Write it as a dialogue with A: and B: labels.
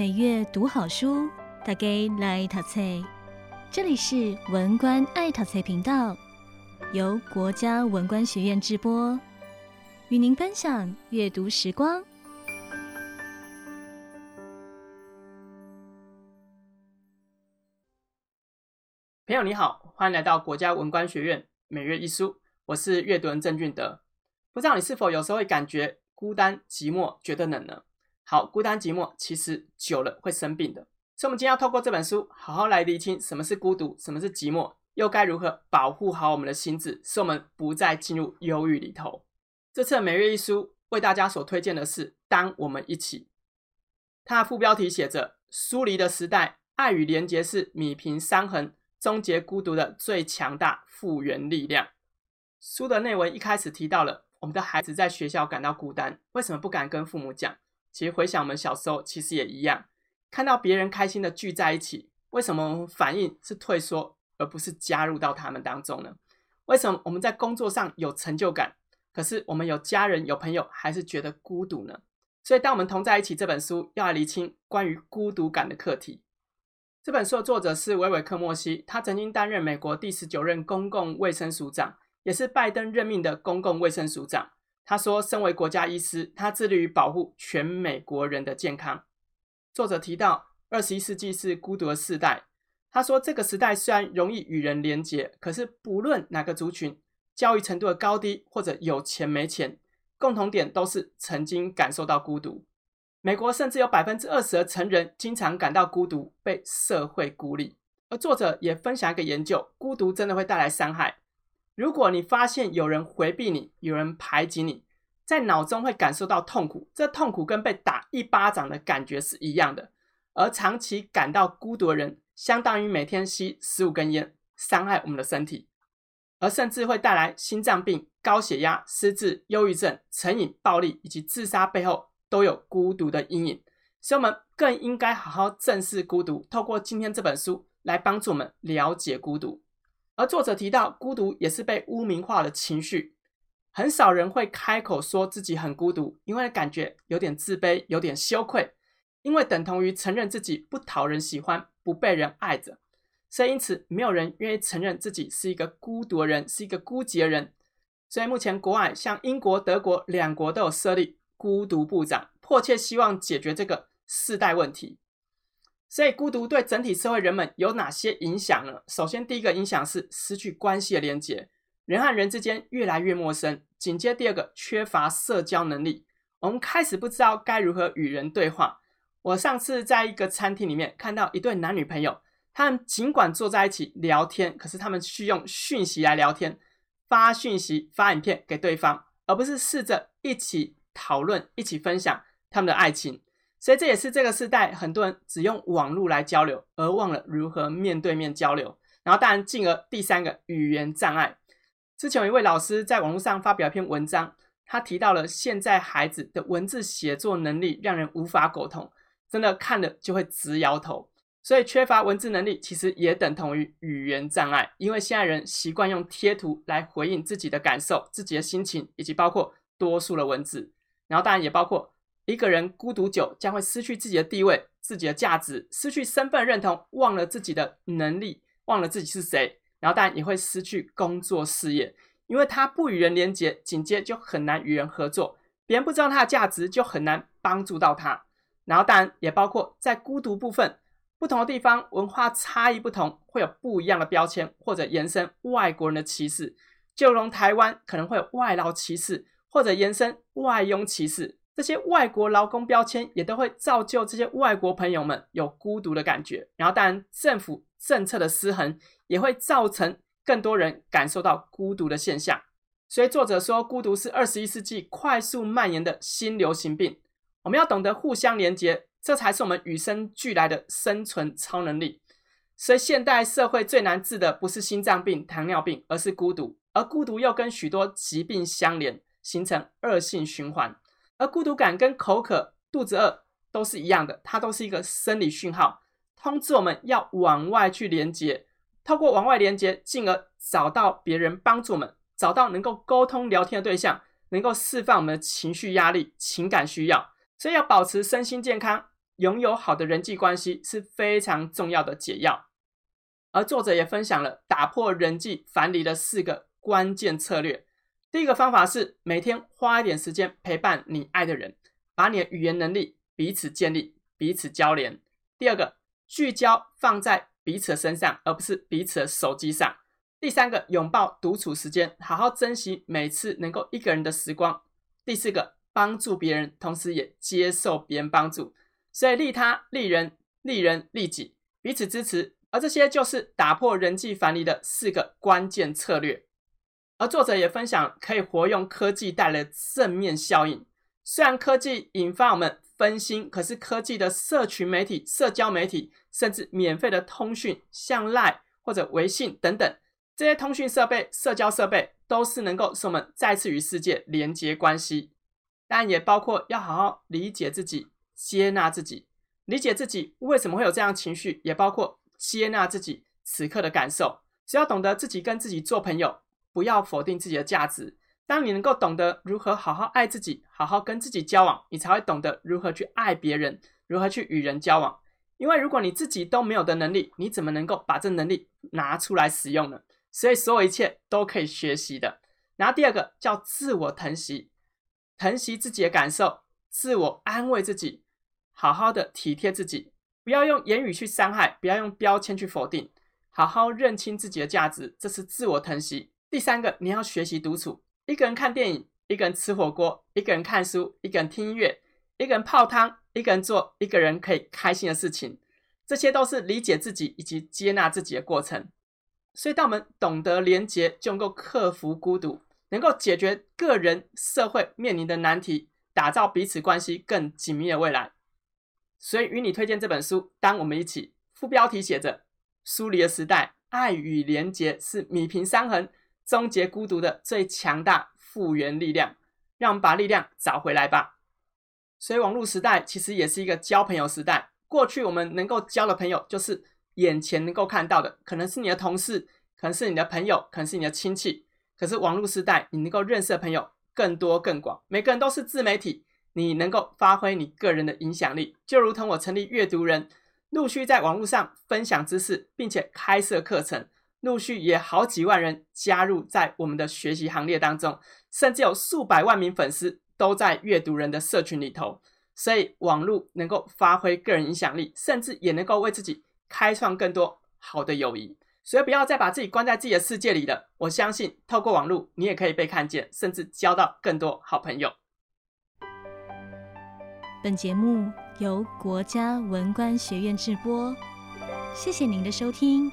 A: 每月讀好書，大家來讀冊。這裡是文官愛讀冊頻道，由國家文官學院直播，與您分享閱讀時光。朋友你好，歡迎來到國家文官學院每月一書，我是閱讀人鄭俊德。不知道你是否有時候會感覺孤單、寂寞，覺得冷呢？好，孤單寂寞其實久了會生病的。所以，我們今天要透過這本書，好好來釐清什麼是孤獨，什麼是寂寞，又該如何保護好我們的心智，使我們不再進入憂鬱裡頭。這次的每月一書為大家所推薦的是《當我們一起》，它的副標題寫着“疏離的時代，愛與連結是弭平傷痕、終結孤獨的最強大復原力量”。書的內文一開始提到了，我們的孩子在學校感到孤單，為什麼不敢跟父母講？其實回想我們小時候，其實也一樣，看到別人開心的聚在一起，為什麼我們反應是退縮，而不是加入到他們當中呢？為什麼我們在工作上有成就感，可是我們有家人有朋友還是覺得孤獨呢？所以，當我們同在一起這本書，要來釐清關於孤獨感的課題。這本書的作者是維維克莫西，他曾經擔任美國第十九任公共衛生署長，也是拜登任命的公共衛生署長。他說，身為國家醫師，他致力於保護全美國人的健康。作者提到，二十一世紀是孤獨的世代。他說，這個時代雖然容易與人連結，可是不論哪個族群、教育程度的高低或者有錢沒錢，共同點都是曾經感受到孤獨。美國甚至有百分之二十的成人經常感到孤獨，被社會孤立。而作者也分享一個研究，孤獨真的會帶來傷害。如果你發現有人迴避你，有人排擠你，在腦中會感受到痛苦，這痛苦跟被打一巴掌的感覺是一樣的。而長期感到孤獨的人，相當於每天吸十五根煙，傷害我們的身體，而甚至會帶來心臟病、高血壓、失智、憂鬱症、成癮、暴力以及自殺背後都有孤獨的陰影，所以我們更應該好好正視孤獨。透過今天這本書來幫助我們了解孤獨。而作者提到，孤獨也是被污名化的情緒，很少人會開口說自己很孤獨，因為感覺有點自卑，有點羞愧，因為等同於承認自己不討人喜歡，不被人愛着，所以因此沒有人願意承認自己是一個孤獨的人，是一個孤寂的人。所以目前國外像英國、德國兩國都有設立孤獨部長，迫切希望解決這個世代問題。所以孤獨對整體社會人們有哪些影響呢？首先，第一個影響是失去關係的連結，人和人之間越來越陌生。緊接第二個，缺乏社交能力，我們開始不知道該如何與人對話。我上次在一個餐廳裡面看到一對男女朋友，他們儘管坐在一起聊天，可是他們是用訊息來聊天，發訊息、發影片給對方，而不是試着一起討論、一起分享他們的愛情。所以這也是這個時代，很多人只用網絡來交流，而忘了如何面對面交流。然後，當然，進而第三個語言障礙。之前有一位老師在網絡上發表一篇文章，他提到了現在孩子的文字寫作能力讓人無法苟同，真的看了就會直搖頭。所以，缺乏文字能力其實也等同於語言障礙，因為現在人習慣用貼圖來回應自己的感受、自己的心情，以及包括多數的文字。然後，當然也包括。一個人孤獨久，將會失去自己的地位、自己的價值，失去身份認同，忘了自己的能力，忘了自己是誰。然後，當然也會失去工作事業，因為他不與人連接，緊接就很難與人合作。別人不知道他的價值，就很難幫助到他。然後，當然也包括在孤獨部分，不同的地方文化差異不同，會有不一樣的標籤，或者延伸外國人的歧視。就如台灣可能會有外勞歧視，或者延伸外傭歧視。這些外國勞工標籤也都會造就這些外國朋友們有孤獨的感覺，然後當然政府政策的失衡也會造成更多人感受到孤獨的現象。所以作者說，孤獨是二十一世紀快速蔓延的新流行病。我們要懂得互相連結，這才是我們與生俱來的生存超能力。所以現代社會最難治的不是心臟病、糖尿病，而是孤獨。而孤獨又跟許多疾病相連，形成惡性循環。而孤獨感跟口渴、肚子餓都是一樣的，它都是一個生理訊號，通知我們要往外去連接，透過往外連接，進而找到別人幫助我們，找到能夠溝通聊天的對象，能夠釋放我們的情緒壓力、情感需要。所以要保持身心健康，擁有好的人際關係是非常重要的解藥。而作者也分享了打破人際樊籬的四個關鍵策略。第一個方法是每天花一點時間陪伴你愛的人，把你的語言能力彼此建立、彼此交聯。第二個，聚焦放在彼此身上，而不是彼此的手機上。第三個，擁抱獨處時間，好好珍惜每次能夠一個人的時光。第四個，幫助別人，同時也接受別人幫助，所以利他、利人、利人利己，彼此支持。而這些就是打破人際樊籬的四個關鍵策略。而作者也分享，可以活用科技帶來正面效應。雖然科技引發我們分心，可是科技的社群媒體、社交媒體，甚至免費的通訊，像賴或者微信等等，這些通訊設備、社交設備，都是能夠使我們再次與世界連結關係。但也包括要好好理解自己、接納自己，理解自己為什麼會有這樣情緒，也包括接納自己此刻的感受。只要懂得自己跟自己做朋友。不要否定自己的價值。當你能夠懂得如何好好愛自己，好好跟自己交往，你才會懂得如何去愛別人，如何去與人交往。因為如果你自己都沒有的能力，你怎麼能夠把這能力拿出來使用呢？所以，所有一切都可以學習的。然後第二個叫自我疼惜，疼惜自己的感受，自我安慰自己，好好的體貼自己，不要用言語去傷害，不要用標籤去否定，好好認清自己的價值，這是自我疼惜。第三個，你要學習獨處，一個人看電影，一個人吃火鍋，一個人看書，一個人聽音樂，一個人泡湯，一個人做一個人可以開心的事情，這些都是理解自己以及接納自己的過程。所以，當我們懂得連結，就能夠克服孤獨，能夠解決個人、社會面臨的難題，打造彼此關係更緊密的未來。所以，與你推薦這本書，當我們一起，副標題寫着“疏離的時代，愛與連結是撫平傷痕”。終結孤獨的最強大復原力量，讓我們把力量找回來吧。所以，網絡時代其實也是一個交朋友時代。過去我們能夠交的朋友，就是眼前能夠看到的，可能是你的同事，可能是你的朋友，可能是你的親戚。可是，網絡時代，你能夠認識的朋友更多更廣。每個人都是自媒體，你能夠發揮你個人的影響力。就如同我成立閱讀人，陸續在網絡上分享知識，並且開設課程。陸續也好幾萬人加入在我們的學習行列當中，甚至有數百萬名粉絲都在閱讀人的社群裡頭，所以網絡能夠發揮個人影響力，甚至也能夠為自己開創更多好的友誼。所以不要再把自己關在自己的世界裡了。我相信透過網絡，你也可以被看見，甚至交到更多好朋友。本節目由國家文官學院制播，謝謝您的收聽。